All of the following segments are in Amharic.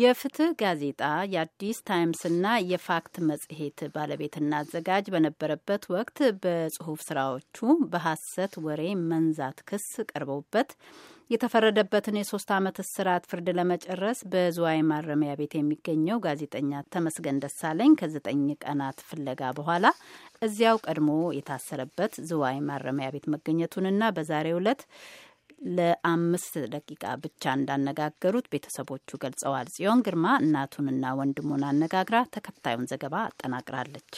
የፍትህ ጋዜጣ የአዲስ ታይምስና የፋክት መጽሔት ባለቤትና አዘጋጅ በነበረበት ወቅት በጽሁፍ ስራዎቹ በሐሰት ወሬ መንዛት ክስ ቀርበውበት የተፈረደበትን የሶስት አመት እስራት ፍርድ ለመጨረስ በዝዋይ ማረሚያ ቤት የሚገኘው ጋዜጠኛ ተመስገን ደሳለኝ ከዘጠኝ ቀናት ፍለጋ በኋላ እዚያው ቀድሞ የታሰረበት ዝዋይ ማረሚያ ቤት መገኘቱንና በዛሬው ዕለት ለአምስት ደቂቃ ብቻ እንዳነጋገሩት ቤተሰቦቹ ገልጸዋል። ጽዮን ግርማ እናቱንና ወንድሙን አነጋግራ ተከታዩን ዘገባ አጠናቅራለች።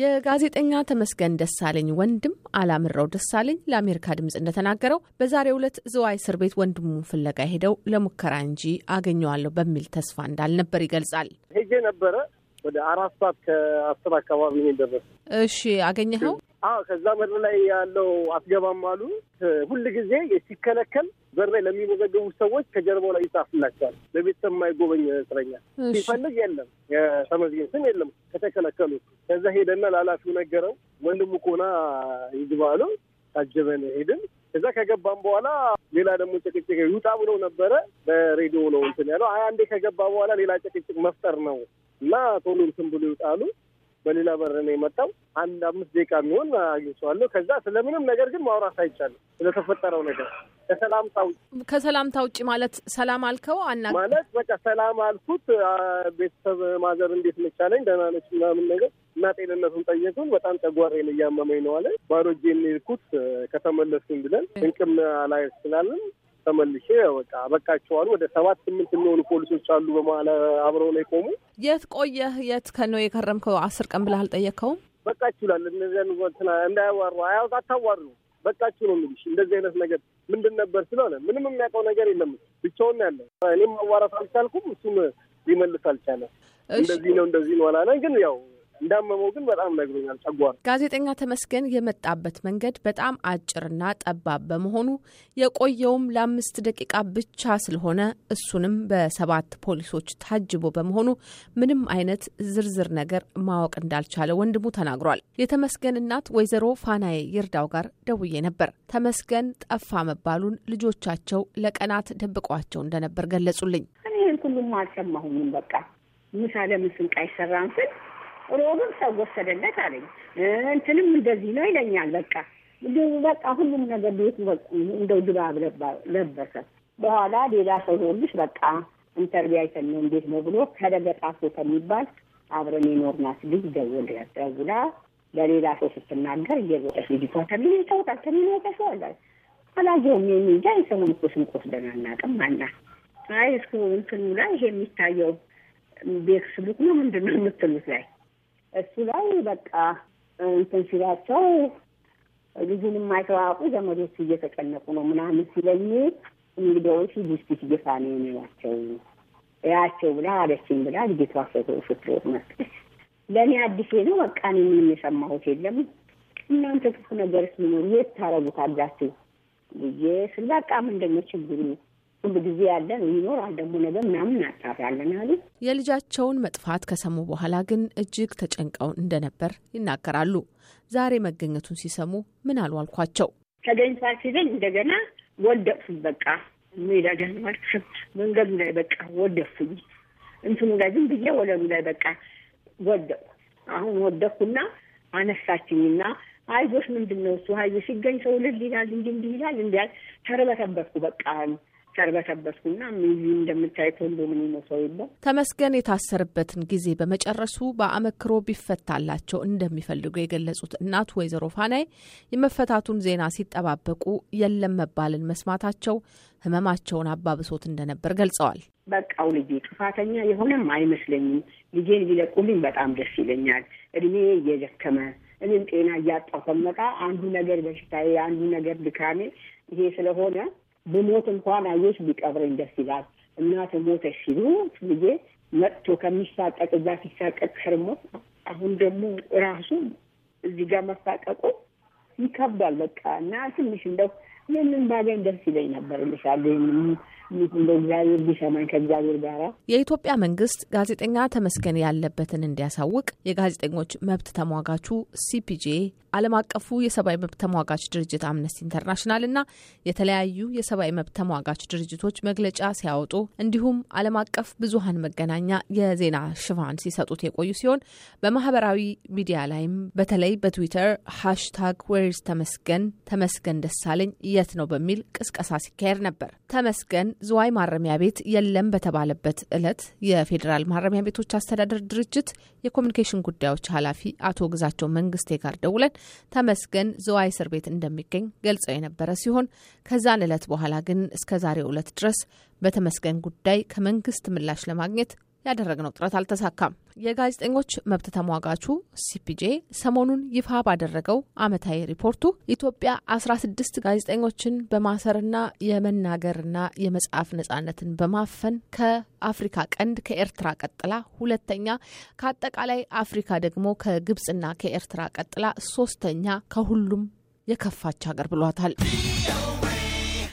የጋዜጠኛ ተመስገን ደሳለኝ ወንድም አላምረው ደሳለኝ ለአሜሪካ ድምፅ እንደተናገረው በዛሬው ዕለት ዝዋይ እስር ቤት ወንድሙ ፍለጋ ሄደው ለሙከራ እንጂ አገኘዋለሁ በሚል ተስፋ እንዳልነበር ይገልጻል። ሄጄ ነበረ ወደ አራት ሰዓት ከአስር አካባቢ ነው እሺ አገኘኸው? አዎ ከዛ በር ላይ ያለው አትገባም አሉ። ሁል ጊዜ ሲከለከል በር ላይ ለሚመዘገቡ ሰዎች ከጀርባው ላይ ይጻፍላቸዋል። ለቤተሰብ የማይጎበኝ እስረኛ ሲፈልግ የለም፣ የተመዝገኝ ስም የለም ከተከለከሉ። ከዛ ሄደና ላላፊው ነገረው። ወንድሙ ኮና ይግባሉ አሉ። ታጀበን ሄድን። ከዛ ከገባም በኋላ ሌላ ደግሞ ጭቅጭቅ ይውጣ ብለው ነበረ። በሬዲዮ ነው እንትን ያለው። አይ አንዴ ከገባ በኋላ ሌላ ጭቅጭቅ መፍጠር ነው እና ቶሎ እንትን ብሎ ይውጣሉ በሌላ በር ነው የመጣው። አንድ አምስት ደቂቃ የሚሆን አግኝቼዋለሁ። ከዛ ስለምንም ነገር ግን ማውራት አይቻልም። ስለተፈጠረው ነገር ከሰላምታ ውጭ ከሰላምታ ውጭ ማለት ሰላም አልከው አና ማለት በቃ ሰላም አልኩት። ቤተሰብ ማዘር እንዴት መቻለኝ አለኝ። ደህና ነች ምናምን ነገር እና ጤንነቱን ጠየቁን። በጣም ጨጓራዬን እያመመኝ ነው አለ። ባዶ እጄን የሄድኩት ከተመለስኩኝ ብለን እንቅም አላይ ስላለን ተመልሼ በቃ በቃቸዋሉ። ወደ ሰባት ስምንት የሚሆኑ ፖሊሶች አሉ በመሀል አብረው ላይ ቆሙ። የት ቆየህ? የት ከነው የከረምከው? አስር ቀን ብለህ አልጠየቅከውም? በቃችሁ ይላል። እነዚያን እንዳያዋሩ አያወጣ አታዋሩ በቃችሁ ነው የሚልሽ። እንደዚህ አይነት ነገር ምንድን ነበር ስለሆነ ምንም የሚያውቀው ነገር የለም። ብቻውን ያለ እኔም ማዋራት አልቻልኩም፣ እሱም ሊመልስ አልቻለም። እንደዚህ ነው እንደዚህ ነው አላለ ግን ያው እንዳመመው ግን በጣም ነግሮኛል። ጨጓራ ጋዜጠኛ ተመስገን የመጣበት መንገድ በጣም አጭርና ጠባብ በመሆኑ የቆየውም ለአምስት ደቂቃ ብቻ ስለሆነ እሱንም በሰባት ፖሊሶች ታጅቦ በመሆኑ ምንም አይነት ዝርዝር ነገር ማወቅ እንዳልቻለ ወንድሙ ተናግሯል። የተመስገን እናት ወይዘሮ ፋናዬ ይርዳው ጋር ደውዬ ነበር። ተመስገን ጠፋ መባሉን ልጆቻቸው ለቀናት ደብቀዋቸው እንደነበር ገለጹልኝ። እኔ ይህን ሁሉም አልሰማሁም። በቃ ምሳ ለምን ስንቅ ስል ሮብም ሰው ወሰደለት አለኝ። እንትንም እንደዚህ ነው ይለኛል። በቃ እንዲሁ በቃ ሁሉም ነገር ቤት እንደው ድባብ ለበሰ። በኋላ ሌላ ሰው ሆንሽ በቃ ኢንተርቪው አይተን ነው እንዴት ነው ብሎ ከደገጣፎ ከሚባል አብረን የኖርናት ልጅ ደውል ደውላ ለሌላ ሰው ስትናገር እየሮጠች ልጅቷ ተሚን ይተውታል ተሚን ይተሰዋል አላየውም የሚጃ የሰውን እኮ ስንቆስ ደናናቅም አና አይ እስኩ እንትኑ ላይ ይሄ የሚታየው ቤክስቡክ ነው ምንድን ነው የምትሉት ላይ እሱ ላይ በቃ እንትን ሲላቸው ልጁን የማይተዋወቁ ዘመዶቹ እየተጨነቁ ነው ምናምን ሲለኝ እንግዲያዎች ቡስቲት እየሳኔ ናቸው ያቸው ብላ አለችኝ ብላ ልጅቷ ፎቶ ስትሮጥ መጣች። ለእኔ አዲሴ ነው በቃ እኔ ምንም የሰማሁት የለም። እናንተ ክፉ ነገርስ ቢኖር የት ታረጉታላችሁ ብዬ ስል በቃ ምንድን ነው ችግሩ ሁሉ ጊዜ ያለ ይኖራል። ደግሞ ነገ ምናምን እናጣራለን አሉ። የልጃቸውን መጥፋት ከሰሙ በኋላ ግን እጅግ ተጨንቀው እንደነበር ይናገራሉ። ዛሬ መገኘቱን ሲሰሙ ምን አሉ አልኳቸው። ተገኝታ ሲልን እንደገና ወደቅኩኝ። በቃ ሜዳ ጀማርክም መንገዱ ላይ በቃ ወደቅኩኝ። እንትኑ ላይ ዝም ብዬ ወለሉ ላይ በቃ ወደቅኩ። አሁን ወደቅኩና አነሳችኝና አይዞሽ ምንድን ነው እሱ አይዞሽ ሲገኝ ሰው ልል ይላል እንዲ እንዲህ ይላል እንዲያል ተርበተበትኩ በቃ ተርበተበትኩና እዚህ እንደምታይ ኮንዶምን ይመሰው የለም። ተመስገን የታሰርበትን ጊዜ በመጨረሱ በአመክሮ ቢፈታላቸው እንደሚፈልጉ የገለጹት እናት ወይዘሮ ፋናይ የመፈታቱን ዜና ሲጠባበቁ የለም መባልን መስማታቸው ህመማቸውን አባብሶት እንደነበር ገልጸዋል። በቃው ልጄ ጥፋተኛ የሆነም አይመስለኝም። ልጄን ሊለቁልኝ በጣም ደስ ይለኛል። እድሜ እየደከመ እኔም ጤና እያጣሁ ስመጣ አንዱ ነገር በሽታዬ፣ አንዱ ነገር ድካሜ ይሄ ስለሆነ ብሞት እንኳን አየሽ ቢቀብረኝ ደስ ይላል። እናት ሞተ ሲሉ ልጄ መጥቶ ከሚሳቀቅ እዛ ሲሳቀቅ ከርሞ አሁን ደግሞ ራሱ እዚህ ጋር መሳቀቁ ይከብዳል በቃ እና ትንሽ እንደው ይህንን ባገኝ ደስ ይለኝ ነበር ልሻለ እንደ እግዚአብሔር ቢሰማኝ ከእግዚአብሔር ጋር የኢትዮጵያ መንግስት ጋዜጠኛ ተመስገን ያለበትን እንዲያሳውቅ የጋዜጠኞች መብት ተሟጋቹ ሲፒጄ፣ ዓለም አቀፉ የሰብአዊ መብት ተሟጋች ድርጅት አምነስቲ ኢንተርናሽናል እና የተለያዩ የሰብአዊ መብት ተሟጋች ድርጅቶች መግለጫ ሲያወጡ እንዲሁም ዓለም አቀፍ ብዙሀን መገናኛ የዜና ሽፋን ሲሰጡት የቆዩ ሲሆን በማህበራዊ ሚዲያ ላይም በተለይ በትዊተር ሃሽታግ ዌር ወይስ ተመስገን ተመስገን ደሳለኝ የት ነው በሚል ቅስቀሳ ሲካሄድ ነበር። ተመስገን ዝዋይ ማረሚያ ቤት የለም በተባለበት እለት የፌዴራል ማረሚያ ቤቶች አስተዳደር ድርጅት የኮሚኒኬሽን ጉዳዮች ኃላፊ አቶ ግዛቸው መንግስቴ ጋር ደውለን ተመስገን ዝዋይ እስር ቤት እንደሚገኝ ገልጸው የነበረ ሲሆን ከዛን እለት በኋላ ግን እስከ ዛሬው ዕለት ድረስ በተመስገን ጉዳይ ከመንግስት ምላሽ ለማግኘት ያደረግነው ጥረት አልተሳካም። የጋዜጠኞች መብት ተሟጋቹ ሲፒጄ ሰሞኑን ይፋ ባደረገው ዓመታዊ ሪፖርቱ ኢትዮጵያ አስራ ስድስት ጋዜጠኞችን በማሰርና የመናገርና የመጻፍ ነጻነትን በማፈን ከአፍሪካ ቀንድ ከኤርትራ ቀጥላ ሁለተኛ፣ ከአጠቃላይ አፍሪካ ደግሞ ከግብጽና ከኤርትራ ቀጥላ ሶስተኛ ከሁሉም የከፋች ሀገር ብሏታል።